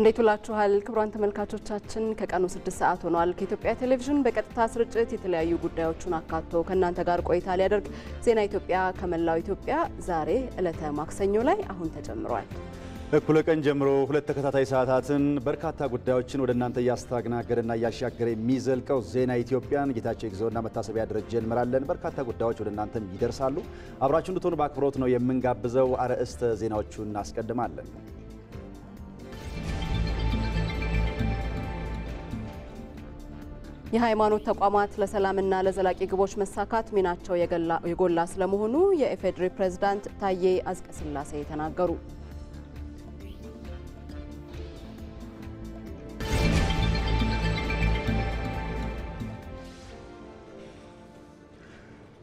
እንዴት ውላችኋል ክቡራን ተመልካቾቻችን፣ ከቀኑ ስድስት ሰዓት ሆኗል። ከኢትዮጵያ ቴሌቪዥን በቀጥታ ስርጭት የተለያዩ ጉዳዮችን አካቶ ከእናንተ ጋር ቆይታ ሊያደርግ ዜና ኢትዮጵያ ከመላው ኢትዮጵያ ዛሬ ዕለተ ማክሰኞ ላይ አሁን ተጀምሯል። እኩለ ቀን ጀምሮ ሁለት ተከታታይ ሰዓታትን በርካታ ጉዳዮችን ወደ እናንተ እያስተናገደና እያሻገረ የሚዘልቀው ዜና ኢትዮጵያን ጌታቸው ይግዘውና መታሰቢያ ደረጀ እንመራለን። በርካታ ጉዳዮች ወደ እናንተም ይደርሳሉ። አብራችሁ እንድትሆኑ በአክብሮት ነው የምንጋብዘው። አርዕስተ ዜናዎቹን እናስቀድማለን። የሃይማኖት ተቋማት ለሰላምና ለዘላቂ ግቦች መሳካት ሚናቸው የጎላ ስለመሆኑ የኢፌዴሪ ፕሬዝዳንት ታዬ አጽቀሥላሴ ተናገሩ።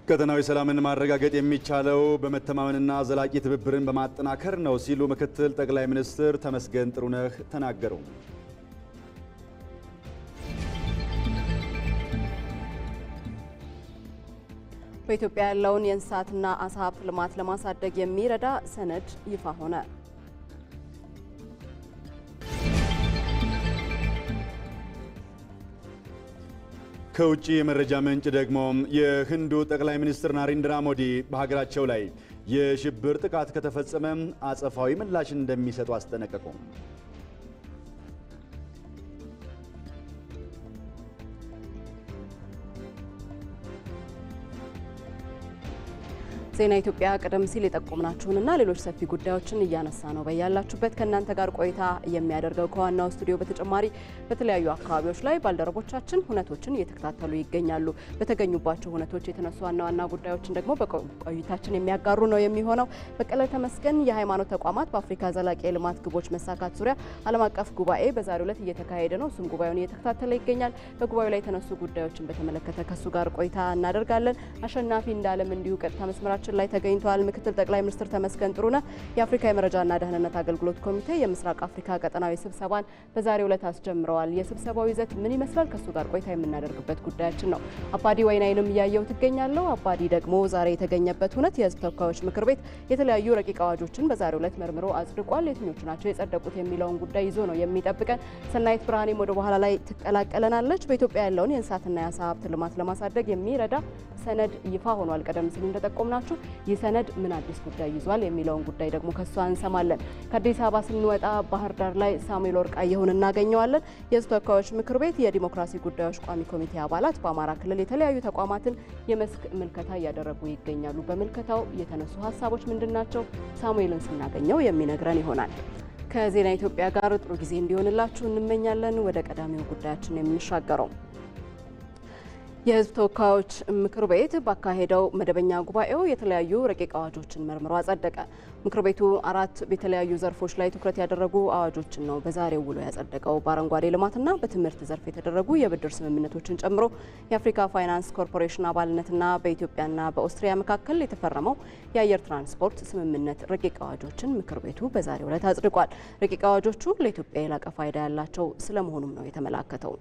ቀጠናዊ ሰላምን ማረጋገጥ የሚቻለው በመተማመንና ዘላቂ ትብብርን በማጠናከር ነው ሲሉ ምክትል ጠቅላይ ሚኒስትር ተመስገን ጥሩነህ ተናገሩ። በኢትዮጵያ ያለውን የእንስሳትና አሳ ሀብት ልማት ለማሳደግ የሚረዳ ሰነድ ይፋ ሆነ። ከውጭ የመረጃ ምንጭ ደግሞ የህንዱ ጠቅላይ ሚኒስትር ናሪንድራ ሞዲ በሀገራቸው ላይ የሽብር ጥቃት ከተፈጸመ አጸፋዊ ምላሽ እንደሚሰጡ አስጠነቀቁ። ዜና ኢትዮጵያ ቀደም ሲል የጠቆምናችሁንና ሌሎች ሰፊ ጉዳዮችን እያነሳ ነው። በያላችሁበት ከእናንተ ጋር ቆይታ የሚያደርገው ከዋናው ስቱዲዮ በተጨማሪ በተለያዩ አካባቢዎች ላይ ባልደረቦቻችን ሁነቶችን እየተከታተሉ ይገኛሉ። በተገኙባቸው ሁነቶች የተነሱ ዋና ዋና ጉዳዮችን ደግሞ በቆይታችን የሚያጋሩ ነው የሚሆነው። በቀለ ተመስገን የሃይማኖት ተቋማት በአፍሪካ ዘላቂ የልማት ግቦች መሳካት ዙሪያ ዓለም አቀፍ ጉባኤ በዛሬው ዕለት እየተካሄደ ነው። እሱም ጉባኤውን እየተከታተለ ይገኛል። በጉባኤው ላይ የተነሱ ጉዳዮችን በተመለከተ ከሱ ጋር ቆይታ እናደርጋለን። አሸናፊ እንዳለም እንዲሁ ቀጥታ መስመራችን በመስመራችን ላይ ተገኝተዋል። ምክትል ጠቅላይ ሚኒስትር ተመስገን ጥሩነህ የአፍሪካ የመረጃና ደህንነት አገልግሎት ኮሚቴ የምስራቅ አፍሪካ ቀጠናዊ ስብሰባን በዛሬው ዕለት አስጀምረዋል። የስብሰባው ይዘት ምን ይመስላል? ከእሱ ጋር ቆይታ የምናደርግበት ጉዳያችን ነው። አባዲ ወይናይንም እያየው ትገኛለሁ። አባዲ ደግሞ ዛሬ የተገኘበት ሁነት የህዝብ ተወካዮች ምክር ቤት የተለያዩ ረቂቅ አዋጆችን በዛሬው ዕለት መርምሮ አጽድቋል። የትኞቹ ናቸው የጸደቁት የሚለውን ጉዳይ ይዞ ነው የሚጠብቀን። ሰናይት ብርሃኔም ወደ በኋላ ላይ ትቀላቀለናለች። በኢትዮጵያ ያለውን የእንስሳትና የአሳ ሀብት ልማት ለማሳደግ የሚረዳ ሰነድ ይፋ ሆኗል። ቀደም ሲል እንደጠቆምናችሁ ይህ ሰነድ ምን አዲስ ጉዳይ ይዟል የሚለውን ጉዳይ ደግሞ ከሷ እንሰማለን። ከአዲስ አበባ ስንወጣ ባህር ዳር ላይ ሳሙኤል ወርቅአየሁን እናገኘዋለን። የህዝብ ተወካዮች ምክር ቤት የዲሞክራሲ ጉዳዮች ቋሚ ኮሚቴ አባላት በአማራ ክልል የተለያዩ ተቋማትን የመስክ ምልከታ እያደረጉ ይገኛሉ። በምልከታው የተነሱ ሀሳቦች ምንድን ናቸው? ሳሙኤልን ስናገኘው የሚነግረን ይሆናል። ከዜና ኢትዮጵያ ጋር ጥሩ ጊዜ እንዲሆንላችሁ እንመኛለን። ወደ ቀዳሚው ጉዳያችን የምንሻገረው የህዝብ ተወካዮች ምክር ቤት ባካሄደው መደበኛ ጉባኤው የተለያዩ ረቂቅ አዋጆችን መርምሮ አጸደቀ። ምክር ቤቱ አራት በተለያዩ ዘርፎች ላይ ትኩረት ያደረጉ አዋጆችን ነው በዛሬው ውሎ ያጸደቀው። በአረንጓዴ ልማትና በትምህርት ዘርፍ የተደረጉ የብድር ስምምነቶችን ጨምሮ የአፍሪካ ፋይናንስ ኮርፖሬሽን አባልነትና በኢትዮጵያና በኦስትሪያ መካከል የተፈረመው የአየር ትራንስፖርት ስምምነት ረቂቅ አዋጆችን ምክር ቤቱ በዛሬው ዕለት አጽድቋል። ረቂቅ አዋጆቹ ለኢትዮጵያ የላቀ ፋይዳ ያላቸው ስለመሆኑም ነው የተመላከተው።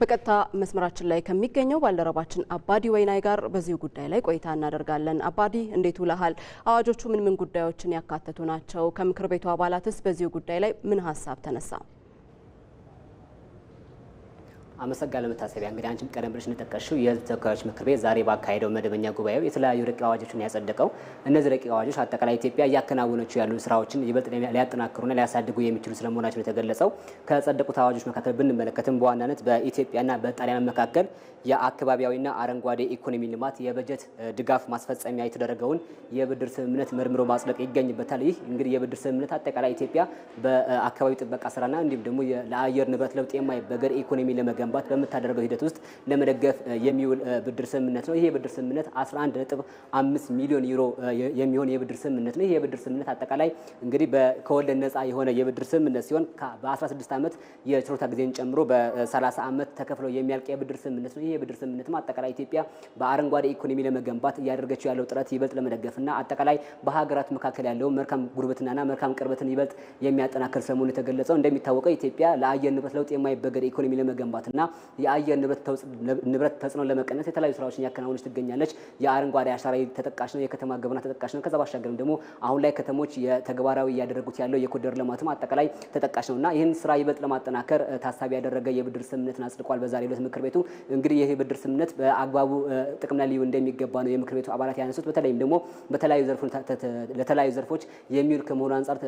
በቀጥታ መስመራችን ላይ ከሚገኘው ባልደረባችን አባዲ ወይናይ ጋር በዚሁ ጉዳይ ላይ ቆይታ እናደርጋለን። አባዲ እንዴት ውለሃል? አዋጆቹ ምን ምን ጉዳዮችን ያካተቱ ናቸው? ከምክር ቤቱ አባላትስ በዚሁ ጉዳይ ላይ ምን ሀሳብ ተነሳ? አመሰጋ ለመታሰቢያ እንግዲህ አንቺም ቀደም ብለሽ እንደጠቀሽው የህዝብ ተወካዮች ምክር ቤት ዛሬ ባካሄደው መደበኛ ጉባኤው የተለያዩ ረቂቅ አዋጆችን ያጸደቀው። እነዚህ ረቂቅ አዋጆች አጠቃላይ ኢትዮጵያ እያከናወነችው ያሉ ስራዎችን ይበልጥ ሊያጠናክሩና ሊያሳድጉ የሚችሉ ስለመሆናቸው የተገለጸው። ከጸደቁት አዋጆች መካከል ብንመለከትም በዋናነት በኢትዮጵያና በጣሊያን መካከል የአካባቢያዊና አረንጓዴ ኢኮኖሚ ልማት የበጀት ድጋፍ ማስፈጸሚያ የተደረገውን የብድር ስምምነት መርምሮ ማጽደቅ ይገኝበታል። ይህ እንግዲህ የብድር ስምምነት አጠቃላይ ኢትዮጵያ በአካባቢ ጥበቃ ስራና እንዲሁም ደግሞ ለአየር ንብረት ለውጥ የማይበገር ኢኮኖሚ ለመገ ለመገንባት በምታደርገው ሂደት ውስጥ ለመደገፍ የሚውል ብድር ስምምነት ነው። ይህ የብድር ስምምነት 11.5 ሚሊዮን ዩሮ የሚሆን የብድር ስምምነት ነው። ይህ የብድር ስምምነት አጠቃላይ እንግዲህ ከወለድ ነፃ የሆነ የብድር ስምምነት ሲሆን በ16 ዓመት የችሮታ ጊዜን ጨምሮ በ30 ዓመት ተከፍለው የሚያልቅ የብድር ስምምነት ነው። ይህ የብድር ስምምነት አጠቃላይ ኢትዮጵያ በአረንጓዴ ኢኮኖሚ ለመገንባት እያደረገችው ያለው ጥረት ይበልጥ ለመደገፍና አጠቃላይ በሀገራት መካከል ያለውን መልካም ጉርብትናና መልካም ቅርበትን ይበልጥ የሚያጠናክር ሰሞኑ የተገለጸው እንደሚታወቀው ኢትዮጵያ ለአየር ንብረት ለውጥ የማይበገር ኢኮኖሚ ለመገንባት እና የአየር ንብረት ተጽዕኖ ለመቀነስ የተለያዩ ስራዎችን እያከናወነች ትገኛለች። የአረንጓዴ አሻራ ተጠቃሽ ነው። የከተማ ግብርና ተጠቃሽ ነው። ከዛ ባሻገርም ደግሞ አሁን ላይ ከተሞች ተግባራዊ እያደረጉት ያለው የኮደር ልማትም አጠቃላይ ተጠቃሽ ነው እና ይህን ስራ ይበልጥ ለማጠናከር ታሳቢ ያደረገ የብድር ስምምነትን አጽድቋል። በዛሬው ዕለት ምክር ቤቱ እንግዲህ ይህ የብድር ስምምነት በአግባቡ ጥቅም ላይ ሊውል እንደሚገባ ነው የምክር ቤቱ አባላት ያነሱት። በተለይም ደግሞ ለተለያዩ ዘርፎች የሚውል ከመሆኑ አንጻር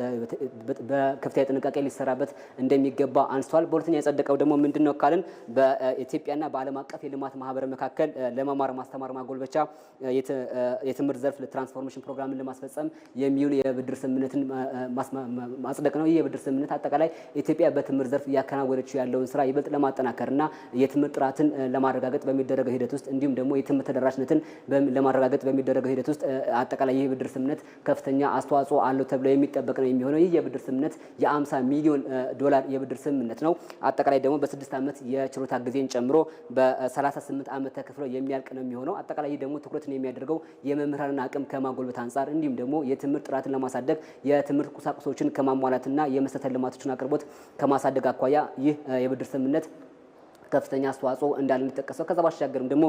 በከፍተኛ ጥንቃቄ ሊሰራበት እንደሚገባ አንስተዋል። በሁለተኛ የጸደቀው ደግሞ ምንድን ነው ካልን በኢትዮጵያና በዓለም አቀፍ የልማት ማህበር መካከል ለመማር ማስተማር ማጎልበቻ የትምህርት ዘርፍ ለትራንስፎርሜሽን ፕሮግራምን ለማስፈጸም የሚውል የብድር ስምምነትን ማጽደቅ ነው። ይህ የብድር ስምምነት አጠቃላይ ኢትዮጵያ በትምህርት ዘርፍ እያከናወነችው ያለውን ስራ ይበልጥ ለማጠናከርና የትምህርት ጥራትን ለማረጋገጥ በሚደረገው ሂደት ውስጥ እንዲሁም ደግሞ የትምህርት ተደራሽነትን ለማረጋገጥ በሚደረገው ሂደት ውስጥ አጠቃላይ ይህ ብድር ስምምነት ከፍተኛ አስተዋጽኦ አለው ተብሎ የሚጠበቅ ነው የሚሆነው። ይህ የብድር ስምምነት የ50 ሚሊዮን ዶላር የብድር ስምምነት ነው። አጠቃላይ ደግሞ በስድስት ዓመት ችሎታ ጊዜን ጨምሮ በ38 ዓመት ተከፍሎ የሚያልቅ ነው የሚሆነው። አጠቃላይ ደግሞ ትኩረትን የሚያደርገው የመምህራንን አቅም ከማጎልበት አንጻር እንዲሁም ደግሞ የትምህርት ጥራትን ለማሳደግ የትምህርት ቁሳቁሶችን ከማሟላትና የመሰረተ ልማቶችን አቅርቦት ከማሳደግ አኳያ ይህ የብድር ስምምነት ከፍተኛ አስተዋጽኦ እንዳለ የሚጠቀሰው ከዛ ባሻገርም ደግሞ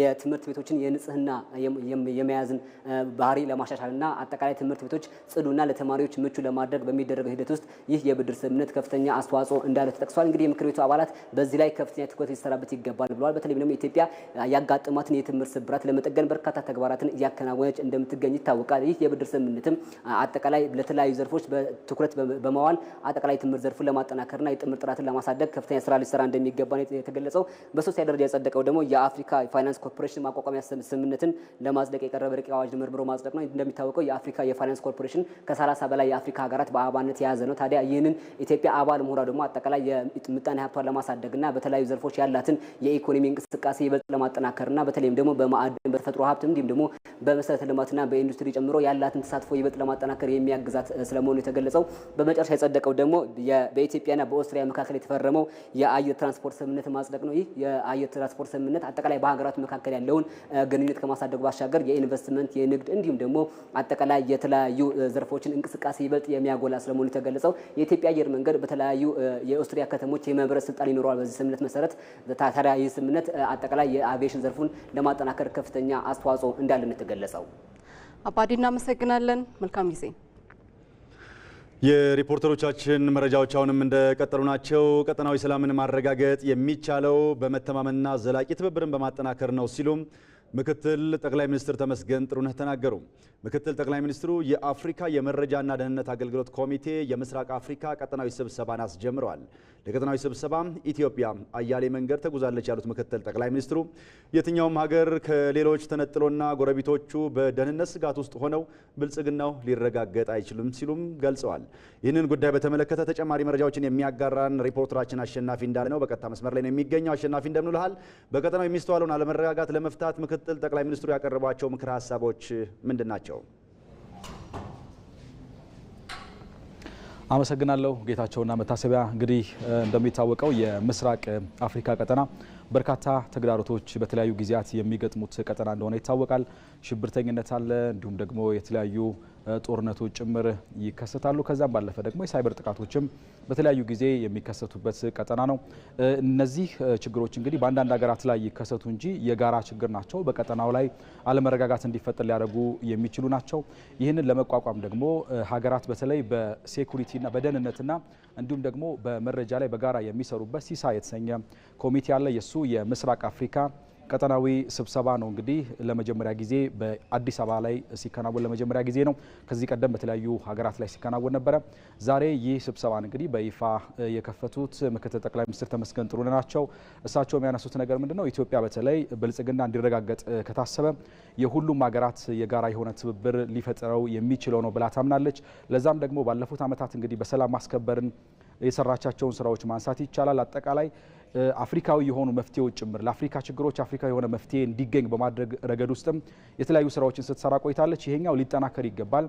የትምህርት ቤቶችን የንጽህና የመያዝን ባህሪ ለማሻሻልና አጠቃላይ ትምህርት ቤቶች ጽዱና ለተማሪዎች ምቹ ለማድረግ በሚደረገው ሂደት ውስጥ ይህ የብድር ስምምነት ከፍተኛ አስተዋጽኦ እንዳለ ተጠቅሷል። እንግዲህ የምክር ቤቱ አባላት በዚህ ላይ ከፍተኛ ትኩረት ሊሰራበት ይገባል ብለዋል። በተለይም ደግሞ ኢትዮጵያ ያጋጠማትን የትምህርት ስብራት ለመጠገን በርካታ ተግባራትን እያከናወነች እንደምትገኝ ይታወቃል። ይህ የብድር ስምምነትም አጠቃላይ ለተለያዩ ዘርፎች ትኩረት በመዋል አጠቃላይ ትምህርት ዘርፉን ለማጠናከርና የትምህርት ጥራትን ለማሳደግ ከፍተኛ ስራ ሊሰራ እንደሚገባ እንደሚገባ የተገለጸው። በሶስተኛ ደረጃ የጸደቀው ደግሞ የአፍሪካ ፋይናንስ ኮርፖሬሽን ማቋቋሚያ ስምምነትን ለማጽደቅ የቀረበ ረቂቅ አዋጅ መርምሮ ማጽደቅ ነው። እንደሚታወቀው የአፍሪካ የፋይናንስ ኮርፖሬሽን ከ30 በላይ የአፍሪካ ሀገራት በአባልነት የያዘ ነው። ታዲያ ይህንን ኢትዮጵያ አባል መሆኗ ደግሞ አጠቃላይ የምጣኔ ሀብቷን ለማሳደግና በተለያዩ ዘርፎች ያላትን የኢኮኖሚ እንቅስቃሴ ይበልጥ ለማጠናከርና በተለይም ደግሞ በማዕድን በተፈጥሮ ሀብት እንዲሁም ደግሞ በመሰረተ ልማትና በኢንዱስትሪ ጨምሮ ያላትን ተሳትፎ ይበልጥ ለማጠናከር የሚያግዛት ስለመሆኑ የተገለጸው። በመጨረሻ የጸደቀው ደግሞ በኢትዮጵያና በኦስትሪያ መካከል የተፈረመው የአየር ትራንስፖርት ስምምነት ማጽደቅ ነው። ይህ የአየር ትራንስፖርት ስምምነት አጠቃላይ በሀገራት መካከል ያለውን ግንኙነት ከማሳደግ ባሻገር የኢንቨስትመንት፣ የንግድ እንዲሁም ደግሞ አጠቃላይ የተለያዩ ዘርፎችን እንቅስቃሴ ይበልጥ የሚያጎላ ስለመሆኑ የተገለጸው የኢትዮጵያ አየር መንገድ በተለያዩ የኦስትሪያ ከተሞች የመብረር ስልጣን ይኖረዋል። በዚህ ስምምነት መሰረት ታዲያ ይህ ስምምነት አጠቃላይ የአቪዬሽን ዘርፉን ለማጠናከር ከፍተኛ አስተዋጽኦ ነው የተገለጸው። አባዲ እናመሰግናለን። መልካም ጊዜ የሪፖርተሮቻችን መረጃዎች አሁንም እንደቀጠሉ ናቸው። ቀጠናዊ ሰላምን ማረጋገጥ የሚቻለው በመተማመንና ዘላቂ ትብብርን በማጠናከር ነው ሲሉም ምክትል ጠቅላይ ሚኒስትር ተመስገን ጥሩነህ ተናገሩ። ምክትል ጠቅላይ ሚኒስትሩ የአፍሪካ የመረጃና ደህንነት አገልግሎት ኮሚቴ የምስራቅ አፍሪካ ቀጠናዊ ስብሰባን አስጀምረዋል። ለቀጠናዊ ስብሰባ ኢትዮጵያ አያሌ መንገድ ተጉዛለች ያሉት ምክትል ጠቅላይ ሚኒስትሩ የትኛውም ሀገር ከሌሎች ተነጥሎና ጎረቤቶቹ በደህንነት ስጋት ውስጥ ሆነው ብልጽግናው ሊረጋገጥ አይችሉም ሲሉም ገልጸዋል። ይህንን ጉዳይ በተመለከተ ተጨማሪ መረጃዎችን የሚያጋራን ሪፖርተራችን አሸናፊ እንዳለ ነው በቀጥታ መስመር ላይ ነው የሚገኘው። አሸናፊ እንደምንልሃል። በቀጠናው የሚስተዋለውን አለመረጋጋት ለመፍታት ምክትል ጠቅላይ ሚኒስትሩ ያቀረቧቸው ምክረ ሀሳቦች ምንድን ናቸው? አመሰግናለሁ ጌታቸውና መታሰቢያ። እንግዲህ እንደሚታወቀው የምስራቅ አፍሪካ ቀጠና በርካታ ተግዳሮቶች በተለያዩ ጊዜያት የሚገጥሙት ቀጠና እንደሆነ ይታወቃል። ሽብርተኝነት አለ፣ እንዲሁም ደግሞ የተለያዩ ጦርነቶች ጭምር ይከሰታሉ። ከዛም ባለፈ ደግሞ የሳይበር ጥቃቶችም በተለያዩ ጊዜ የሚከሰቱበት ቀጠና ነው። እነዚህ ችግሮች እንግዲህ በአንዳንድ ሀገራት ላይ ይከሰቱ እንጂ የጋራ ችግር ናቸው። በቀጠናው ላይ አለመረጋጋት እንዲፈጠር ሊያደርጉ የሚችሉ ናቸው። ይህንን ለመቋቋም ደግሞ ሀገራት በተለይ በሴኩሪቲና በደህንነትና እንዲሁም ደግሞ በመረጃ ላይ በጋራ የሚሰሩበት ሲሳ የተሰኘ ኮሚቴ አለ። የእሱ የምስራቅ አፍሪካ ቀጠናዊ ስብሰባ ነው እንግዲህ ለመጀመሪያ ጊዜ በአዲስ አበባ ላይ ሲከናወን ለመጀመሪያ ጊዜ ነው። ከዚህ ቀደም በተለያዩ ሀገራት ላይ ሲከናወን ነበረ። ዛሬ ይህ ስብሰባን እንግዲህ በይፋ የከፈቱት ምክትል ጠቅላይ ሚኒስትር ተመስገን ጥሩነህ ናቸው። እሳቸው የሚያነሱት ነገር ምንድን ነው? ኢትዮጵያ በተለይ ብልጽግና እንዲረጋገጥ ከታሰበ የሁሉም ሀገራት የጋራ የሆነ ትብብር ሊፈጥረው የሚችለው ነው ብላ ታምናለች። ለዛም ደግሞ ባለፉት ዓመታት እንግዲህ በሰላም ማስከበርን የሰራቻቸውን ስራዎች ማንሳት ይቻላል። አጠቃላይ አፍሪካዊ የሆኑ መፍትሄዎች ጭምር ለአፍሪካ ችግሮች አፍሪካ የሆነ መፍትሄ እንዲገኝ በማድረግ ረገድ ውስጥም የተለያዩ ስራዎችን ስትሰራ ቆይታለች። ይሄኛው ሊጠናከር ይገባል።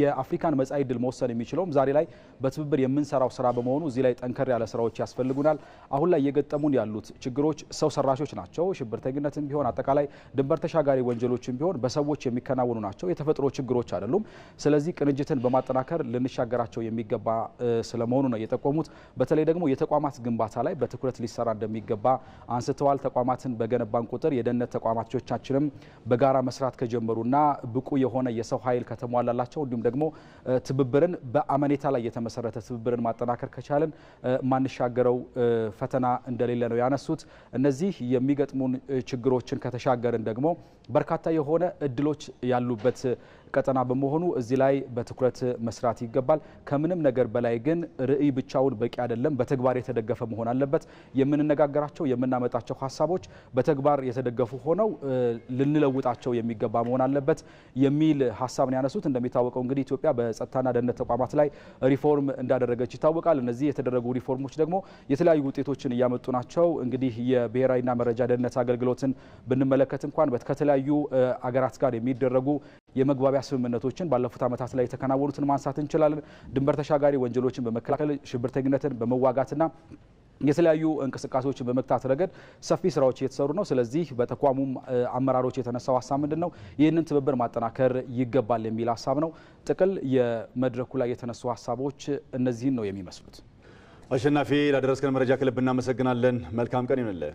የአፍሪካን መጻኢ ድል መወሰን የሚችለውም ዛሬ ላይ በትብብር የምንሰራው ስራ በመሆኑ እዚህ ላይ ጠንከር ያለ ስራዎች ያስፈልጉናል። አሁን ላይ እየገጠሙን ያሉት ችግሮች ሰው ሰራሾች ናቸው። ሽብርተኝነትም ቢሆን አጠቃላይ ድንበር ተሻጋሪ ወንጀሎችም ቢሆን በሰዎች የሚከናወኑ ናቸው። የተፈጥሮ ችግሮች አይደሉም። ስለዚህ ቅንጅትን በማጠናከር ልንሻገራቸው የሚገባ ስለመሆኑ ነው የጠቆሙት። በተለይ ደግሞ የተቋማት ግንባታ ላይ በትኩረት ሊሰራ እንደሚገባ አንስተዋል። ተቋማትን በገነባን ቁጥር የደህንነት ተቋማቶቻችንም በጋራ መስራት ከጀመሩና ብቁ የሆነ የሰው ኃይል ከተሟላላቸው ናቸው። እንዲሁም ደግሞ ትብብርን በአመኔታ ላይ የተመሰረተ ትብብርን ማጠናከር ከቻልን ማንሻገረው ፈተና እንደሌለ ነው ያነሱት። እነዚህ የሚገጥሙን ችግሮችን ከተሻገርን ደግሞ በርካታ የሆነ እድሎች ያሉበት ቀጠና በመሆኑ እዚህ ላይ በትኩረት መስራት ይገባል። ከምንም ነገር በላይ ግን ርዕይ ብቻውን በቂ አይደለም። በተግባር የተደገፈ መሆን አለበት። የምንነጋገራቸው የምናመጣቸው ሀሳቦች በተግባር የተደገፉ ሆነው ልንለውጣቸው የሚገባ መሆን አለበት የሚል ሀሳብ ነው ያነሱት። እንደሚታወቀው እንግዲህ ኢትዮጵያ በጸጥታና ደህንነት ተቋማት ላይ ሪፎርም እንዳደረገች ይታወቃል። እነዚህ የተደረጉ ሪፎርሞች ደግሞ የተለያዩ ውጤቶችን እያመጡ ናቸው። እንግዲህ የብሔራዊና መረጃ ደህንነት አገልግሎትን ብንመለከት እንኳን ከተለያዩ አገራት ጋር የሚደረጉ የመግባቢያ ስምምነቶችን ባለፉት ዓመታት ላይ የተከናወኑትን ማንሳት እንችላለን። ድንበር ተሻጋሪ ወንጀሎችን በመከላከል ሽብርተኝነትን በመዋጋትና የተለያዩ እንቅስቃሴዎችን በመግታት ረገድ ሰፊ ስራዎች እየተሰሩ ነው። ስለዚህ በተቋሙም አመራሮች የተነሳው ሀሳብ ምንድን ነው? ይህንን ትብብር ማጠናከር ይገባል የሚል ሀሳብ ነው። ጥቅል የመድረኩ ላይ የተነሱ ሀሳቦች እነዚህን ነው የሚመስሉት። አሸናፊ፣ ላደረስከን መረጃ ከልብ እናመሰግናለን። መልካም ቀን ይሁንልህ።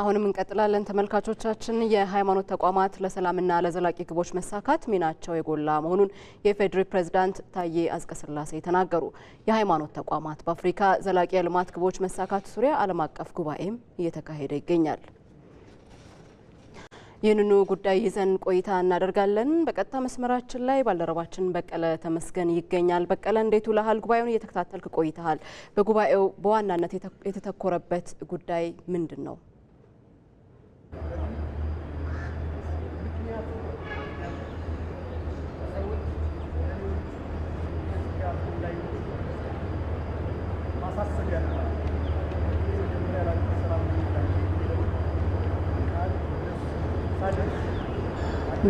አሁንም እንቀጥላለን ተመልካቾቻችን። የሃይማኖት ተቋማት ለሰላምና ለዘላቂ ግቦች መሳካት ሚናቸው የጎላ መሆኑን የፌዴሪ ፕሬዝዳንት ታዬ አጽቀሥላሴ ተናገሩ። የሃይማኖት ተቋማት በአፍሪካ ዘላቂ የልማት ግቦች መሳካት ዙሪያ ዓለም አቀፍ ጉባኤም እየተካሄደ ይገኛል። ይህንኑ ጉዳይ ይዘን ቆይታ እናደርጋለን። በቀጥታ መስመራችን ላይ ባልደረባችን በቀለ ተመስገን ይገኛል። በቀለ እንዴት ውለሃል? ጉባኤውን እየተከታተልክ ቆይተሃል። በጉባኤው በዋናነት የተተኮረበት ጉዳይ ምንድን ነው?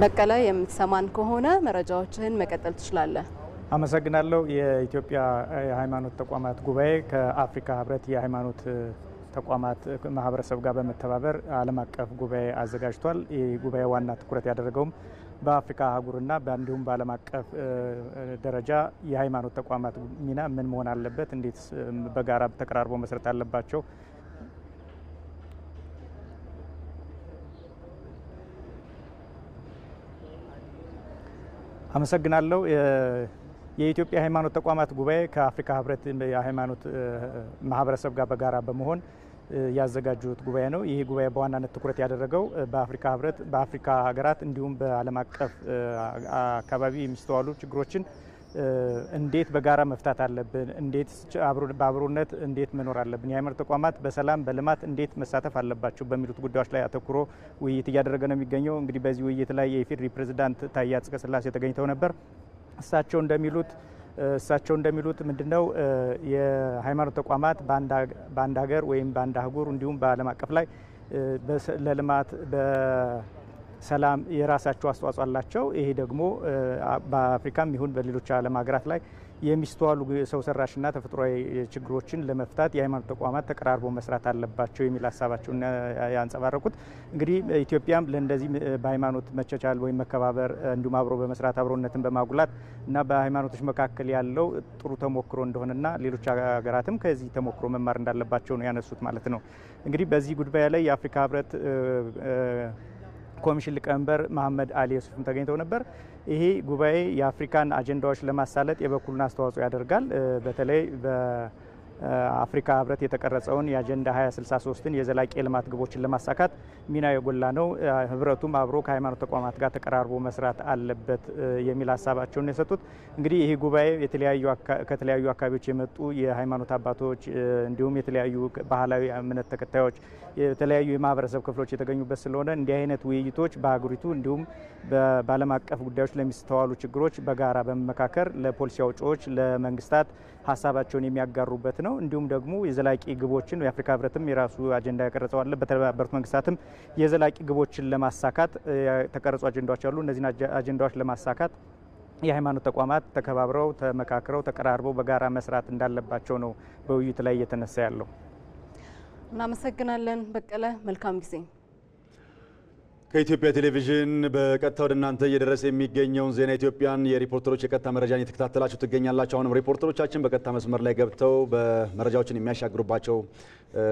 በቀለ የምትሰማን ከሆነ መረጃዎችህን መቀጠል ትችላለህ። አመሰግናለሁ። የኢትዮጵያ የሃይማኖት ተቋማት ጉባኤ ከአፍሪካ ህብረት የሃይማኖት ተቋማት ማህበረሰብ ጋር በመተባበር ዓለም አቀፍ ጉባኤ አዘጋጅቷል። ይህ ጉባኤ ዋና ትኩረት ያደረገውም በአፍሪካ አህጉርና እንዲሁም በዓለም አቀፍ ደረጃ የሃይማኖት ተቋማት ሚና ምን መሆን አለበት፣ እንዴት በጋራ ተቀራርቦ መሰረት አለባቸው አመሰግናለሁ። የኢትዮጵያ ሃይማኖት ተቋማት ጉባኤ ከአፍሪካ ህብረት የሃይማኖት ማህበረሰብ ጋር በጋራ በመሆን ያዘጋጁት ጉባኤ ነው። ይህ ጉባኤ በዋናነት ትኩረት ያደረገው በአፍሪካ ህብረት፣ በአፍሪካ ሀገራት እንዲሁም በዓለም አቀፍ አካባቢ የሚስተዋሉ ችግሮችን እንዴት በጋራ መፍታት አለብን፣ እንዴት በአብሮነት እንዴት መኖር አለብን፣ የሃይማኖት ተቋማት በሰላም በልማት እንዴት መሳተፍ አለባቸው በሚሉት ጉዳዮች ላይ አተኩሮ ውይይት እያደረገ ነው የሚገኘው። እንግዲህ በዚህ ውይይት ላይ የኢፌዴሪ ፕሬዚዳንት ታዬ አጽቀሥላሴ ተገኝተው ነበር። እሳቸው እንደሚሉት እሳቸው እንደሚሉት ምንድነው የሃይማኖት ተቋማት በአንድ ሀገር ወይም በአንድ አህጉር እንዲሁም በዓለም አቀፍ ላይ ለልማት ሰላም የራሳቸው አስተዋጽኦ አላቸው። ይሄ ደግሞ በአፍሪካም ይሁን በሌሎች ዓለም ሀገራት ላይ የሚስተዋሉ ሰው ሰራሽና ተፈጥሯዊ ችግሮችን ለመፍታት የሃይማኖት ተቋማት ተቀራርቦ መስራት አለባቸው የሚል ሀሳባቸውን ያንጸባረቁት እንግዲህ ኢትዮጵያም ለእንደዚህ በሃይማኖት መቻቻል ወይም መከባበር እንዲሁም አብሮ በመስራት አብሮነትን በማጉላት እና በሃይማኖቶች መካከል ያለው ጥሩ ተሞክሮ እንደሆነና ሌሎች ሀገራትም ከዚህ ተሞክሮ መማር እንዳለባቸው ነው ያነሱት ማለት ነው። እንግዲህ በዚህ ጉዳይ ላይ የአፍሪካ ህብረት የኮሚሽን ሊቀመንበር መሐመድ አሊ የሱፍም ተገኝተው ነበር። ይሄ ጉባኤ የአፍሪካን አጀንዳዎች ለማሳለጥ የበኩሉን አስተዋጽኦ ያደርጋል። በተለይ በአፍሪካ ህብረት የተቀረጸውን የአጀንዳ 2063ን የዘላቂ የልማት ግቦችን ለማሳካት ሚና የጎላ ነው። ህብረቱም አብሮ ከሃይማኖት ተቋማት ጋር ተቀራርቦ መስራት አለበት የሚል ሀሳባቸውን የሰጡት እንግዲህ ይህ ጉባኤ ከተለያዩ አካባቢዎች የመጡ የሃይማኖት አባቶች እንዲሁም የተለያዩ ባህላዊ እምነት ተከታዮች የተለያዩ የማህበረሰብ ክፍሎች የተገኙበት ስለሆነ እንዲህ አይነት ውይይቶች በሀገሪቱ እንዲሁም በዓለም አቀፍ ጉዳዮች ለሚስተዋሉ ችግሮች በጋራ በመመካከር ለፖሊሲ አውጪዎች፣ ለመንግስታት ሀሳባቸውን የሚያጋሩበት ነው። እንዲሁም ደግሞ የዘላቂ ግቦችን የአፍሪካ ህብረትም የራሱ አጀንዳ ያቀረጸው አለ። በተባበሩት መንግስታትም የዘላቂ ግቦችን ለማሳካት የተቀረጹ አጀንዳዎች አሉ። እነዚህን አጀንዳዎች ለማሳካት የሃይማኖት ተቋማት ተከባብረው ተመካክረው ተቀራርበው በጋራ መስራት እንዳለባቸው ነው በውይይት ላይ እየተነሳ ያለው። እናመሰግናለን በቀለ፣ መልካም ጊዜ። ከኢትዮጵያ ቴሌቪዥን በቀጥታ ወደ እናንተ እየደረሰ የሚገኘውን ዜና ኢትዮጵያን የሪፖርተሮች የቀጥታ መረጃን እየተከታተላችሁ ትገኛላችሁ። አሁንም ሪፖርተሮቻችን በቀጥታ መስመር ላይ ገብተው በመረጃዎችን የሚያሻግሩባቸው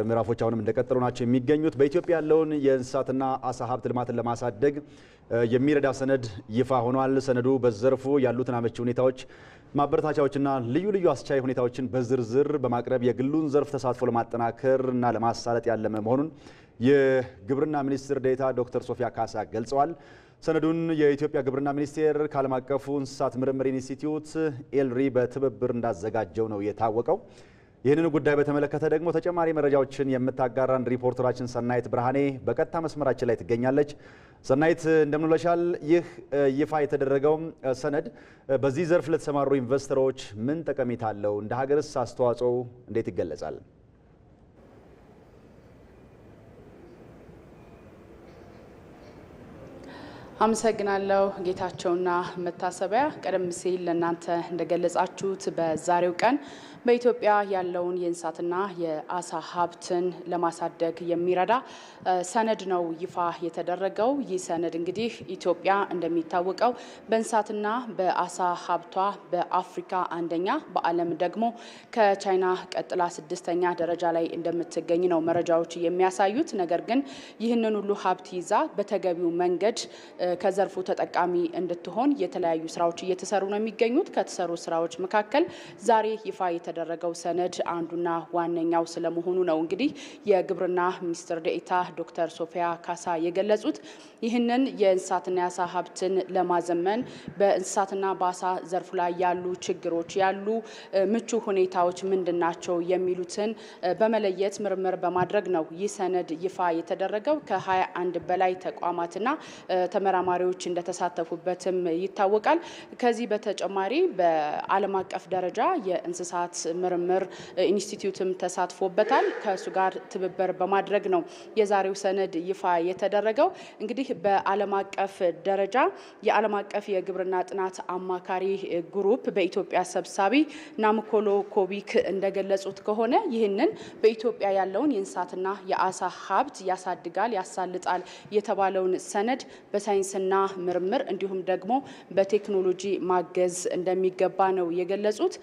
ምዕራፎች አሁንም እንደቀጠሉ ናቸው የሚገኙት። በኢትዮጵያ ያለውን የእንስሳትና አሳ ሀብት ልማትን ለማሳደግ የሚረዳ ሰነድ ይፋ ሆኗል። ሰነዱ በዘርፉ ያሉትን አመቺ ሁኔታዎች ማበረታቻዎችና ልዩ ልዩ አስቻይ ሁኔታዎችን በዝርዝር በማቅረብ የግሉን ዘርፍ ተሳትፎ ለማጠናከር እና ለማሳለጥ ያለመ መሆኑን የግብርና ሚኒስትር ዴታ ዶክተር ሶፊያ ካሳ ገልጸዋል። ሰነዱን የኢትዮጵያ ግብርና ሚኒስቴር ከዓለም አቀፉ እንስሳት ምርምር ኢንስቲትዩት ኤልሪ በትብብር እንዳዘጋጀው ነው የታወቀው። ይህንን ጉዳይ በተመለከተ ደግሞ ተጨማሪ መረጃዎችን የምታጋራን ሪፖርተራችን ሰናይት ብርሃኔ በቀጥታ መስመራችን ላይ ትገኛለች። ሰናይት እንደምንለሻል። ይህ ይፋ የተደረገው ሰነድ በዚህ ዘርፍ ለተሰማሩ ኢንቨስተሮች ምን ጠቀሜታ አለው? እንደ ሀገርስ አስተዋጽኦ እንዴት ይገለጻል? አመሰግናለሁ ጌታቸውና መታሰቢያ። ቀደም ሲል ለእናንተ እንደገለጻችሁት በዛሬው ቀን በኢትዮጵያ ያለውን የእንስሳትና የአሳ ሀብትን ለማሳደግ የሚረዳ ሰነድ ነው ይፋ የተደረገው። ይህ ሰነድ እንግዲህ ኢትዮጵያ እንደሚታወቀው በእንስሳትና በአሳ ሀብቷ በአፍሪካ አንደኛ፣ በዓለም ደግሞ ከቻይና ቀጥላ ስድስተኛ ደረጃ ላይ እንደምትገኝ ነው መረጃዎች የሚያሳዩት። ነገር ግን ይህንን ሁሉ ሀብት ይዛ በተገቢው መንገድ ከዘርፉ ተጠቃሚ እንድትሆን የተለያዩ ስራዎች እየተሰሩ ነው የሚገኙት። ከተሰሩ ስራዎች መካከል ዛሬ ይፋ ከተደረገው ሰነድ አንዱና ዋነኛው ስለመሆኑ ነው እንግዲህ የግብርና ሚኒስትር ዴኤታ ዶክተር ሶፊያ ካሳ የገለጹት። ይህንን የእንስሳትና የአሳ ሀብትን ለማዘመን በእንስሳትና በአሳ ዘርፉ ላይ ያሉ ችግሮች ያሉ ምቹ ሁኔታዎች ምንድን ናቸው የሚሉትን በመለየት ምርምር በማድረግ ነው ይህ ሰነድ ይፋ የተደረገው። ከ21 በላይ ተቋማትና ተመራማሪዎች እንደተሳተፉበትም ይታወቃል። ከዚህ በተጨማሪ በዓለም አቀፍ ደረጃ የእንስሳት ምርምር ኢንስቲትዩትም ተሳትፎበታል። ከእሱ ጋር ትብብር በማድረግ ነው የዛሬው ሰነድ ይፋ የተደረገው። እንግዲህ በዓለም አቀፍ ደረጃ የዓለም አቀፍ የግብርና ጥናት አማካሪ ግሩፕ በኢትዮጵያ ሰብሳቢ ናምኮሎ ኮቢክ እንደገለጹት ከሆነ ይህንን በኢትዮጵያ ያለውን የእንስሳትና የአሳ ሀብት ያሳድጋል፣ ያሳልጣል የተባለውን ሰነድ በሳይንስና ምርምር እንዲሁም ደግሞ በቴክኖሎጂ ማገዝ እንደሚገባ ነው የገለጹት።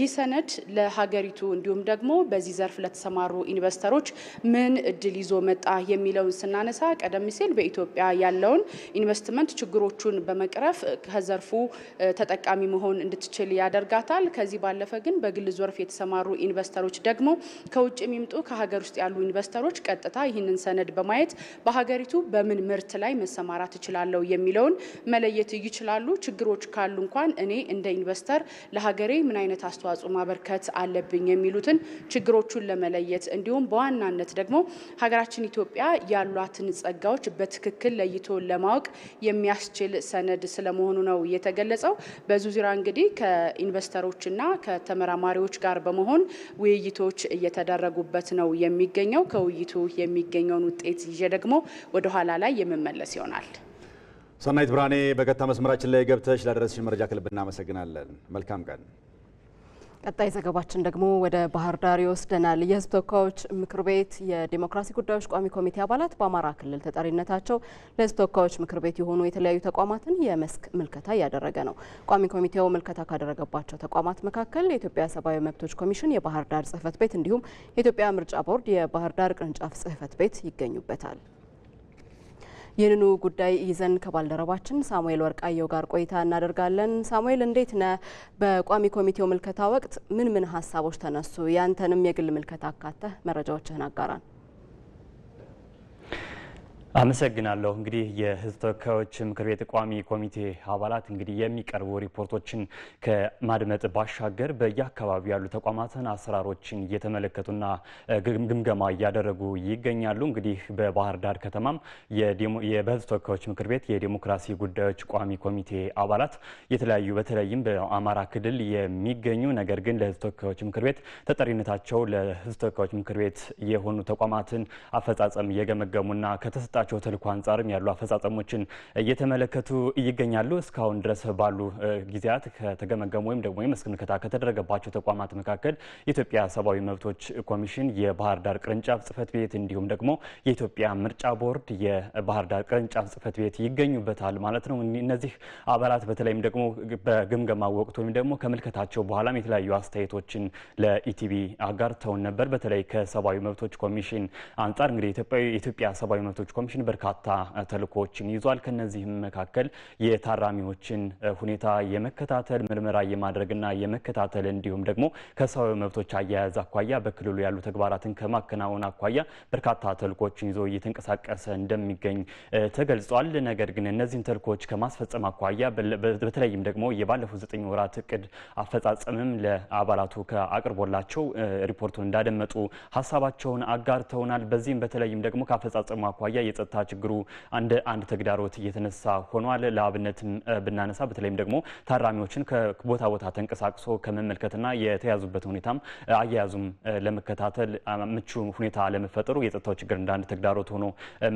ይህ ሰነድ ለሀገሪቱ እንዲሁም ደግሞ በዚህ ዘርፍ ለተሰማሩ ኢንቨስተሮች ምን እድል ይዞ መጣ የሚለውን ስናነሳ ቀደም ሲል በኢትዮጵያ ያለውን ኢንቨስትመንት ችግሮቹን በመቅረፍ ከዘርፉ ተጠቃሚ መሆን እንድትችል ያደርጋታል። ከዚህ ባለፈ ግን በግል ዘርፍ የተሰማሩ ኢንቨስተሮች ደግሞ ከውጭ የሚምጡ ከሀገር ውስጥ ያሉ ኢንቨስተሮች ቀጥታ ይህንን ሰነድ በማየት በሀገሪቱ በምን ምርት ላይ መሰማራት እችላለሁ የሚለውን መለየት ይችላሉ። ችግሮች ካሉ እንኳን እኔ እንደ ኢንቨስተር ለሀገሬ ምን አይነት አስተዋጽኦ ማበርከት መመልከት አለብኝ የሚሉትን ችግሮቹን ለመለየት እንዲሁም በዋናነት ደግሞ ሀገራችን ኢትዮጵያ ያሏትን ጸጋዎች በትክክል ለይቶ ለማወቅ የሚያስችል ሰነድ ስለመሆኑ ነው የተገለጸው። በዙ ዙሪያ እንግዲህ ከኢንቨስተሮችና ከተመራማሪዎች ጋር በመሆን ውይይቶች እየተደረጉበት ነው የሚገኘው። ከውይይቱ የሚገኘውን ውጤት ይዤ ደግሞ ወደ ኋላ ላይ የምመለስ ይሆናል። ሰናይት ብርሃኔ፣ በቀጥታ መስመራችን ላይ ገብተሽ ላደረስሽ መረጃ ክልብ እናመሰግናለን። መልካም ቀን። ቀጣይ ዘገባችን ደግሞ ወደ ባህር ዳር ይወስደናል። የህዝብ ተወካዮች ምክር ቤት የዲሞክራሲ ጉዳዮች ቋሚ ኮሚቴ አባላት በአማራ ክልል ተጠሪነታቸው ለህዝብ ተወካዮች ምክር ቤት የሆኑ የተለያዩ ተቋማትን የመስክ ምልከታ እያደረገ ነው። ቋሚ ኮሚቴው ምልከታ ካደረገባቸው ተቋማት መካከል የኢትዮጵያ ሰብአዊ መብቶች ኮሚሽን የባህር ዳር ጽህፈት ቤት እንዲሁም የኢትዮጵያ ምርጫ ቦርድ የባህር ዳር ቅርንጫፍ ጽህፈት ቤት ይገኙበታል። ይህንኑ ጉዳይ ይዘን ከባልደረባችን ሳሙኤል ወርቃየው ጋር ቆይታ እናደርጋለን። ሳሙኤል እንዴት ነ በቋሚ ኮሚቴው ምልከታ ወቅት ምን ምን ሀሳቦች ተነሱ? ያንተንም የግል ምልከታ አካተህ መረጃዎችህን አጋራን። አመሰግናለሁ። እንግዲህ የህዝብ ተወካዮች ምክር ቤት ቋሚ ኮሚቴ አባላት እንግዲህ የሚቀርቡ ሪፖርቶችን ከማድመጥ ባሻገር በየአካባቢው ያሉ ተቋማትን አሰራሮችን እየተመለከቱና ግምገማ እያደረጉ ይገኛሉ። እንግዲህ በባህር ዳር ከተማም በህዝብ ተወካዮች ምክር ቤት የዴሞክራሲ ጉዳዮች ቋሚ ኮሚቴ አባላት የተለያዩ በተለይም በአማራ ክልል የሚገኙ ነገር ግን ለህዝብ ተወካዮች ምክር ቤት ተጠሪነታቸው ለህዝብ ተወካዮች ምክር ቤት የሆኑ ተቋማትን አፈጻጸም እየገመገሙና ከተሰጣ ከተሰጣቸው ተልእኮ አንጻርም ያሉ አፈጻጸሞችን እየተመለከቱ ይገኛሉ። እስካሁን ድረስ ባሉ ጊዜያት ከተገመገሙ ወይም ደግሞ የመስክምልከታ ከተደረገባቸው ተቋማት መካከል የኢትዮጵያ ሰብአዊ መብቶች ኮሚሽን የባህር ዳር ቅርንጫፍ ጽህፈት ቤት እንዲሁም ደግሞ የኢትዮጵያ ምርጫ ቦርድ የባህር ዳር ቅርንጫፍ ጽህፈት ቤት ይገኙበታል ማለት ነው። እነዚህ አባላት በተለይም ደግሞ በግምገማ ወቅት ወይም ደግሞ ከምልከታቸው በኋላም የተለያዩ አስተያየቶችን ለኢቲቪ አጋርተውን ነበር። በተለይ ከሰብአዊ መብቶች ኮሚሽን አንጻር እንግዲህ የኢትዮጵያ ሰብአዊ መብቶች ኮሚሽን ኮሚሽን በርካታ ተልእኮዎችን ይዟል። ከነዚህም መካከል የታራሚዎችን ሁኔታ የመከታተል ምርመራ የማድረግና የመከታተል እንዲሁም ደግሞ ከሰው መብቶች አያያዝ አኳያ በክልሉ ያሉ ተግባራትን ከማከናወን አኳያ በርካታ ተልእኮዎችን ይዞ እየተንቀሳቀሰ እንደሚገኝ ተገልጿል። ነገር ግን እነዚህን ተልእኮዎች ከማስፈጸም አኳያ በተለይም ደግሞ የባለፉት ዘጠኝ ወራት እቅድ አፈጻጸምም ለአባላቱ ከአቅርቦላቸው ሪፖርቱን እንዳደመጡ ሀሳባቸውን አጋርተውናል። በዚህም በተለይም ደግሞ ከአፈጻጸሙ አኳያ የጸጥታ ችግሩ አንድ አንድ ተግዳሮት እየተነሳ ሆኗል። ለአብነት ብናነሳ በተለይም ደግሞ ታራሚዎችን ከቦታ ቦታ ተንቀሳቅሶ ከመመልከትና የተያዙበት ሁኔታም አያያዙም ለመከታተል ምቹ ሁኔታ አለመፈጠሩ የጸጥታው ችግር እንደ አንድ ተግዳሮት ሆኖ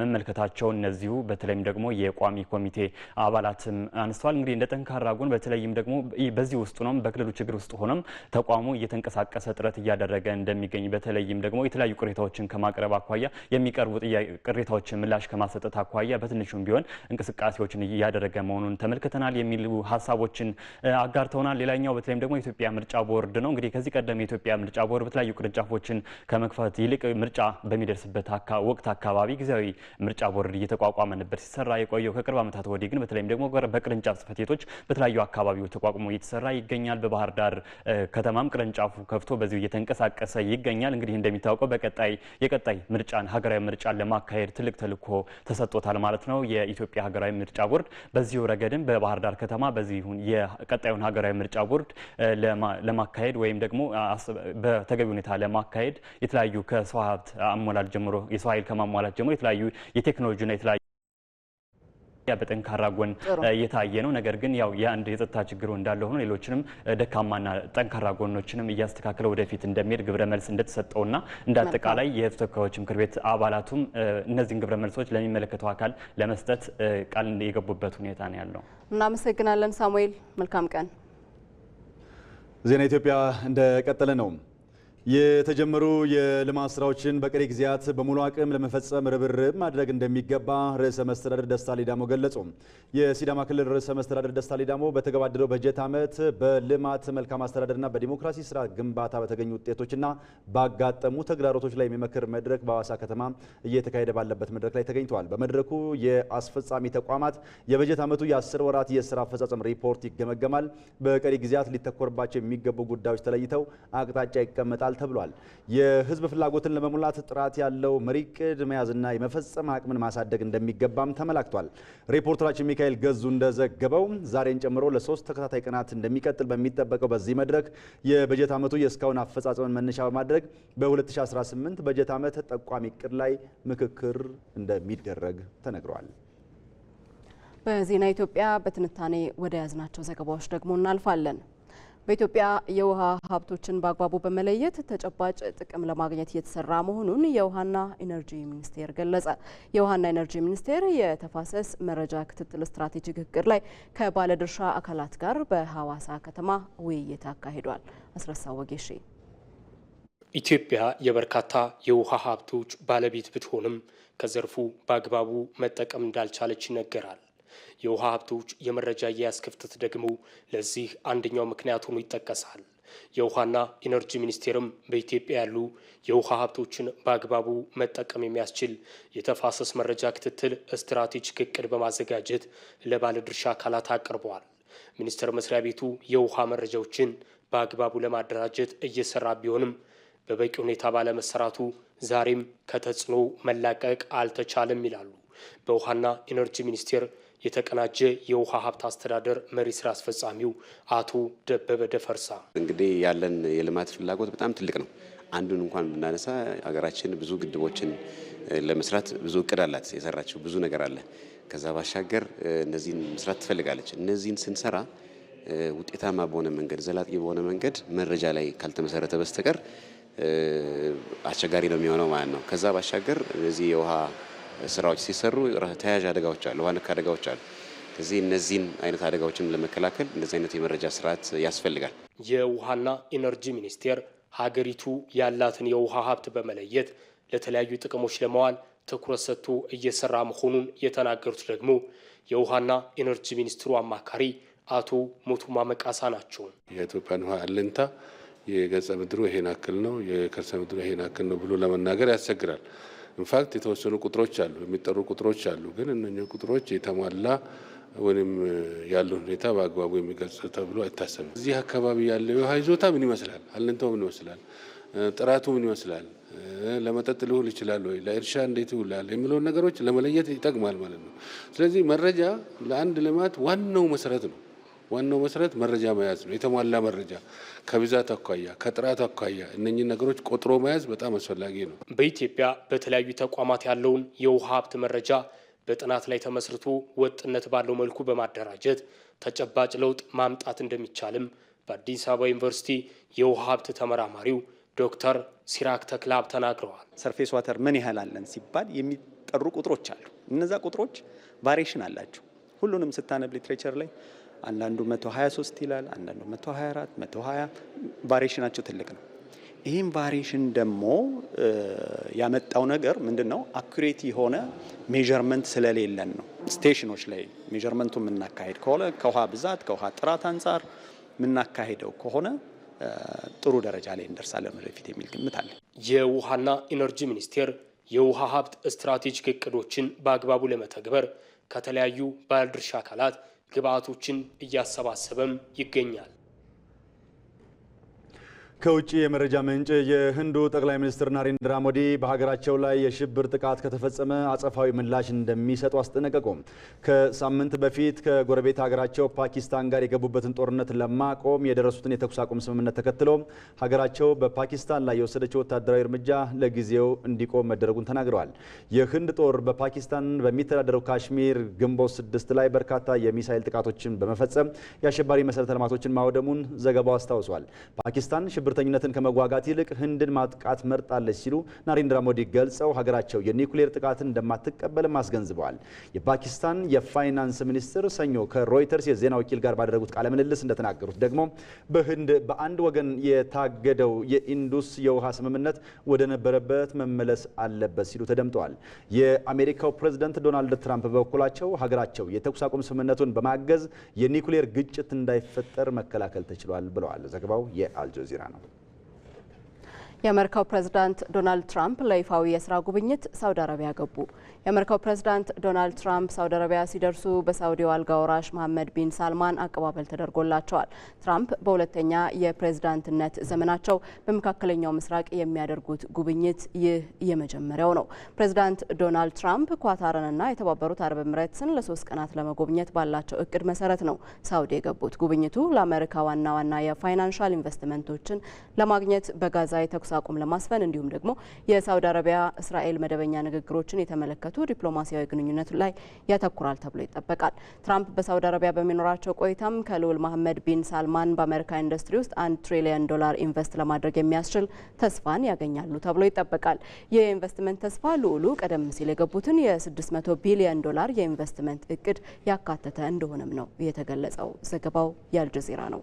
መመልከታቸው እነዚሁ በተለይም ደግሞ የቋሚ ኮሚቴ አባላትም አንስተዋል። እንግዲህ እንደ ጠንካራ ጎን በተለይም ደግሞ በዚህ ውስጥ ነው በክልሉ ችግር ውስጥ ሆኖም ተቋሙ እየተንቀሳቀሰ ጥረት እያደረገ እንደሚገኝ በተለይም ደግሞ የተለያዩ ቅሬታዎችን ከማቅረብ አኳያ የሚቀርቡ ቅሬታዎችን ምላሽ ከማሰጠት አኳያ በትንሹም ቢሆን እንቅስቃሴዎችን እያደረገ መሆኑን ተመልክተናል የሚሉ ሀሳቦችን አጋርተውናል። ሌላኛው በተለይም ደግሞ የኢትዮጵያ ምርጫ ቦርድ ነው። እንግዲህ ከዚህ ቀደም የኢትዮጵያ ምርጫ ቦርድ በተለያዩ ቅርንጫፎችን ከመክፈት ይልቅ ምርጫ በሚደርስበት ወቅት አካባቢ ጊዜያዊ ምርጫ ቦርድ እየተቋቋመ ነበር ሲሰራ የቆየው። ከቅርብ ዓመታት ወዲህ ግን በተለይም ደግሞ በቅርንጫፍ ጽሕፈት ቤቶች በተለያዩ አካባቢዎች ተቋቁሞ እየተሰራ ይገኛል። በባህር ዳር ከተማም ቅርንጫፉ ከፍቶ በዚሁ እየተንቀሳቀሰ ይገኛል። እንግዲህ እንደሚታወቀው በቀጣይ የቀጣይ ምርጫን ሀገራዊ ምርጫን ለማካሄድ ትልቅ ተልዕኮ ተልእኮ ተሰጥቶታል ማለት ነው። የኢትዮጵያ ሀገራዊ ምርጫ ቦርድ በዚሁ ረገድም በባህር ዳር ከተማ በዚሁን የቀጣዩን ሀገራዊ ምርጫ ቦርድ ለማካሄድ ወይም ደግሞ በተገቢ ሁኔታ ለማካሄድ የተለያዩ ከሰው ሀብት አሞላል ጀምሮ የሰው ኃይል ከማሟላት ጀምሮ የተለያዩ የቴክኖሎጂና ኢትዮጵያ በጠንካራ ጎን እየታየ ነው። ነገር ግን ያው የአንድ የጸጥታ ችግሩ እንዳለ ሆኖ ሌሎችንም ደካማና ጠንካራ ጎኖችንም እያስተካከለ ወደፊት እንደሚሄድ ግብረ መልስ እንደተሰጠውና እንደ አጠቃላይ የህዝብ ተወካዮች ምክር ቤት አባላቱም እነዚህን ግብረ መልሶች ለሚመለከተው አካል ለመስጠት ቃል የገቡበት ሁኔታ ነው ያለው። እናመሰግናለን ሳሙኤል። መልካም ቀን። ዜና ኢትዮጵያ እንደቀጠለ ነው። የተጀመሩ የልማት ስራዎችን በቀሪ ጊዜያት በሙሉ አቅም ለመፈጸም ርብርብ ማድረግ እንደሚገባ ርዕሰ መስተዳድር ደስታ ሌዳሞ ገለጹ። የሲዳማ ክልል ርዕሰ መስተዳድር ደስታ ሌዳሞ በተገባደደው በጀት ዓመት በልማት መልካም አስተዳደርና በዲሞክራሲ ስራ ግንባታ በተገኙ ውጤቶችና ባጋጠሙ ተግዳሮቶች ላይ የሚመክር መድረክ በአዋሳ ከተማ እየተካሄደ ባለበት መድረክ ላይ ተገኝተዋል። በመድረኩ የአስፈጻሚ ተቋማት የበጀት ዓመቱ የአስር ወራት የስራ አፈጻጸም ሪፖርት ይገመገማል። በቀሪ ጊዜያት ሊተኮርባቸው የሚገቡ ጉዳዮች ተለይተው አቅጣጫ ይቀመጣል። ይችላል ተብሏል። የህዝብ ፍላጎትን ለመሙላት ጥራት ያለው መሪ እቅድ መያዝና የመፈጸም አቅምን ማሳደግ እንደሚገባም ተመላክቷል። ሪፖርተራችን ሚካኤል ገዙ እንደዘገበው ዛሬን ጨምሮ ለሶስት ተከታታይ ቀናት እንደሚቀጥል በሚጠበቀው በዚህ መድረክ የበጀት ዓመቱ የእስካሁን አፈጻጸምን መነሻ በማድረግ በ2018 በጀት ዓመት ጠቋሚ እቅድ ላይ ምክክር እንደሚደረግ ተነግሯል። በዜና ኢትዮጵያ በትንታኔ ወደ ያዝናቸው ዘገባዎች ደግሞ እናልፋለን። በኢትዮጵያ የውሃ ሀብቶችን በአግባቡ በመለየት ተጨባጭ ጥቅም ለማግኘት እየተሰራ መሆኑን የውሃና ኢነርጂ ሚኒስቴር ገለጸ። የውሃና ኢነርጂ ሚኒስቴር የተፋሰስ መረጃ ክትትል ስትራቴጂክ እቅድ ላይ ከባለድርሻ አካላት ጋር በሐዋሳ ከተማ ውይይት አካሂዷል። አስረሳ ወጌሼ ኢትዮጵያ የበርካታ የውሃ ሀብቶች ባለቤት ብትሆንም ከዘርፉ በአግባቡ መጠቀም እንዳልቻለች ይነገራል። የውሃ ሀብቶች የመረጃ አያያዝ ክፍተት ደግሞ ለዚህ አንደኛው ምክንያት ሆኖ ይጠቀሳል። የውሃና ኢነርጂ ሚኒስቴርም በኢትዮጵያ ያሉ የውሃ ሀብቶችን በአግባቡ መጠቀም የሚያስችል የተፋሰስ መረጃ ክትትል ስትራቴጂክ እቅድ በማዘጋጀት ለባለድርሻ አካላት አቅርበዋል። ሚኒስቴር መስሪያ ቤቱ የውሃ መረጃዎችን በአግባቡ ለማደራጀት እየሰራ ቢሆንም በበቂ ሁኔታ ባለመሰራቱ ዛሬም ከተጽዕኖ መላቀቅ አልተቻለም ይላሉ በውሃና ኢነርጂ ሚኒስቴር የተቀናጀ የውሃ ሀብት አስተዳደር መሪ ስራ አስፈጻሚው አቶ ደበበ ደፈርሳ እንግዲህ ያለን የልማት ፍላጎት በጣም ትልቅ ነው። አንዱን እንኳን ብናነሳ ሀገራችን ብዙ ግድቦችን ለመስራት ብዙ እቅድ አላት፣ የሰራችው ብዙ ነገር አለ። ከዛ ባሻገር እነዚህን መስራት ትፈልጋለች። እነዚህን ስንሰራ ውጤታማ በሆነ መንገድ ዘላቂ በሆነ መንገድ መረጃ ላይ ካልተመሰረተ በስተቀር አስቸጋሪ ነው የሚሆነው ማለት ነው። ከዛ ባሻገር እነዚህ የውሃ ስራዎች ሲሰሩ ተያያዥ አደጋዎች አሉ፣ ውሃ ነክ አደጋዎች አሉ። ከዚህ እነዚህን አይነት አደጋዎችን ለመከላከል እንደዚህ አይነት የመረጃ ስርዓት ያስፈልጋል። የውሃና ኢነርጂ ሚኒስቴር ሀገሪቱ ያላትን የውሃ ሀብት በመለየት ለተለያዩ ጥቅሞች ለመዋል ትኩረት ሰጥቶ እየሰራ መሆኑን የተናገሩት ደግሞ የውሃና ኢነርጂ ሚኒስትሩ አማካሪ አቶ ሞቱማ መቃሳ ናቸው። የኢትዮጵያን ውሃ አለኝታ የገጸ ምድሩ ይሄን አክል ነው፣ የከርሰ ምድሩ ይሄን አክል ነው ብሎ ለመናገር ያስቸግራል። ኢንፋክት የተወሰኑ ቁጥሮች አሉ፣ የሚጠሩ ቁጥሮች አሉ። ግን እነኚህ ቁጥሮች የተሟላ ወይም ያለውን ሁኔታ በአግባቡ የሚገልጽ ተብሎ አይታሰብም። እዚህ አካባቢ ያለው የውሃ ይዞታ ምን ይመስላል? አለንታው ምን ይመስላል? ጥራቱ ምን ይመስላል? ለመጠጥ ሊውል ይችላል ወይ? ለእርሻ እንዴት ይውላል? የሚለውን ነገሮች ለመለየት ይጠቅማል ማለት ነው። ስለዚህ መረጃ ለአንድ ልማት ዋናው መሰረት ነው። ዋናው መሰረት መረጃ መያዝ ነው። የተሟላ መረጃ ከብዛት አኳያ፣ ከጥራት አኳያ እነኚህ ነገሮች ቆጥሮ መያዝ በጣም አስፈላጊ ነው። በኢትዮጵያ በተለያዩ ተቋማት ያለውን የውሃ ሀብት መረጃ በጥናት ላይ ተመስርቶ ወጥነት ባለው መልኩ በማደራጀት ተጨባጭ ለውጥ ማምጣት እንደሚቻልም በአዲስ አበባ ዩኒቨርሲቲ የውሃ ሀብት ተመራማሪው ዶክተር ሲራክ ተክላብ ተናግረዋል። ሰርፌስ ዋተር ምን ያህል አለን ሲባል የሚጠሩ ቁጥሮች አሉ። እነዛ ቁጥሮች ቫሪዬሽን አላቸው። ሁሉንም ስታነብ ሊትሬቸር ላይ አንዳንዱ 123 ይላል፣ አንዳንዱ 124፣ 120 ቫሪሽናቸው ትልቅ ነው። ይህም ቫሪሽን ደግሞ ያመጣው ነገር ምንድን ነው? አኩሬት የሆነ ሜዠርመንት ስለሌለን ነው። ስቴሽኖች ላይ ሜዠርመንቱ የምናካሄድ ከሆነ ከውሃ ብዛት ከውሃ ጥራት አንጻር የምናካሄደው ከሆነ ጥሩ ደረጃ ላይ እንደርሳለን ወደፊት የሚል ግምት አለ። የውሃና ኢነርጂ ሚኒስቴር የውሃ ሀብት ስትራቴጂክ እቅዶችን በአግባቡ ለመተግበር ከተለያዩ ባለድርሻ አካላት ግብዓቶችን እያሰባሰበም ይገኛል። ከውጭ የመረጃ ምንጭ የህንዱ ጠቅላይ ሚኒስትር ናሬንድራ ሞዲ በሀገራቸው ላይ የሽብር ጥቃት ከተፈጸመ አጸፋዊ ምላሽ እንደሚሰጡ አስጠነቀቁ። ከሳምንት በፊት ከጎረቤት ሀገራቸው ፓኪስታን ጋር የገቡበትን ጦርነት ለማቆም የደረሱትን የተኩስ አቁም ስምምነት ተከትሎ ሀገራቸው በፓኪስታን ላይ የወሰደችው ወታደራዊ እርምጃ ለጊዜው እንዲቆም መደረጉን ተናግረዋል። የህንድ ጦር በፓኪስታን በሚተዳደረው ካሽሚር ግንቦት ስድስት ላይ በርካታ የሚሳይል ጥቃቶችን በመፈጸም የአሸባሪ መሰረተ ልማቶችን ማውደሙን ዘገባው አስታውሷል። ፓኪስታን ሽብርተኝነትን ከመዋጋት ይልቅ ህንድን ማጥቃት መርጣለች ሲሉ ናሬንድራ ሞዲ ገልጸው ሀገራቸው የኒውክሌር ጥቃትን እንደማትቀበልም አስገንዝበዋል። የፓኪስታን የፋይናንስ ሚኒስትር ሰኞ ከሮይተርስ የዜና ወኪል ጋር ባደረጉት ቃለ ምልልስ እንደተናገሩት ደግሞ በህንድ በአንድ ወገን የታገደው የኢንዱስ የውሃ ስምምነት ወደ ነበረበት መመለስ አለበት ሲሉ ተደምጠዋል። የአሜሪካው ፕሬዝደንት ዶናልድ ትራምፕ በበኩላቸው ሀገራቸው የተኩስ አቁም ስምምነቱን በማገዝ የኒውክሌር ግጭት እንዳይፈጠር መከላከል ተችሏል ብለዋል። ዘገባው የአልጀዚራ ነው። የአሜሪካው ፕሬዝዳንት ዶናልድ ትራምፕ ለይፋዊ የስራ ጉብኝት ሳውዲ አረቢያ ገቡ። የአሜሪካው ፕሬዝዳንት ዶናልድ ትራምፕ ሳውዲ አረቢያ ሲደርሱ በሳውዲው አልጋ ወራሽ መሐመድ ቢን ሳልማን አቀባበል ተደርጎላቸዋል። ትራምፕ በሁለተኛ የፕሬዝዳንትነት ዘመናቸው በመካከለኛው ምስራቅ የሚያደርጉት ጉብኝት ይህ የመጀመሪያው ነው። ፕሬዝዳንት ዶናልድ ትራምፕ ኳታርንና የተባበሩት አረብ ኤምሬትስን ለሶስት ቀናት ለመጎብኘት ባላቸው እቅድ መሰረት ነው ሳውዲ የገቡት። ጉብኝቱ ለአሜሪካ ዋና ዋና የፋይናንሻል ኢንቨስትመንቶችን ለማግኘት በጋዛ የተኩስ አቁም ለማስፈን እንዲሁም ደግሞ የሳውዲ አረቢያ እስራኤል መደበኛ ንግግሮችን የተመለከቱ ጥምረቱ ዲፕሎማሲያዊ ግንኙነቱ ላይ ያተኩራል ተብሎ ይጠበቃል። ትራምፕ በሳውዲ አረቢያ በሚኖራቸው ቆይታም ከልዑል መሐመድ ቢን ሳልማን በአሜሪካ ኢንዱስትሪ ውስጥ አንድ ትሪሊዮን ዶላር ኢንቨስት ለማድረግ የሚያስችል ተስፋን ያገኛሉ ተብሎ ይጠበቃል። ይህ የኢንቨስትመንት ተስፋ ልዑሉ ቀደም ሲል የገቡትን የ600 ቢሊዮን ዶላር የኢንቨስትመንት እቅድ ያካተተ እንደሆነም ነው የተገለጸው። ዘገባው የአልጀዚራ ነው።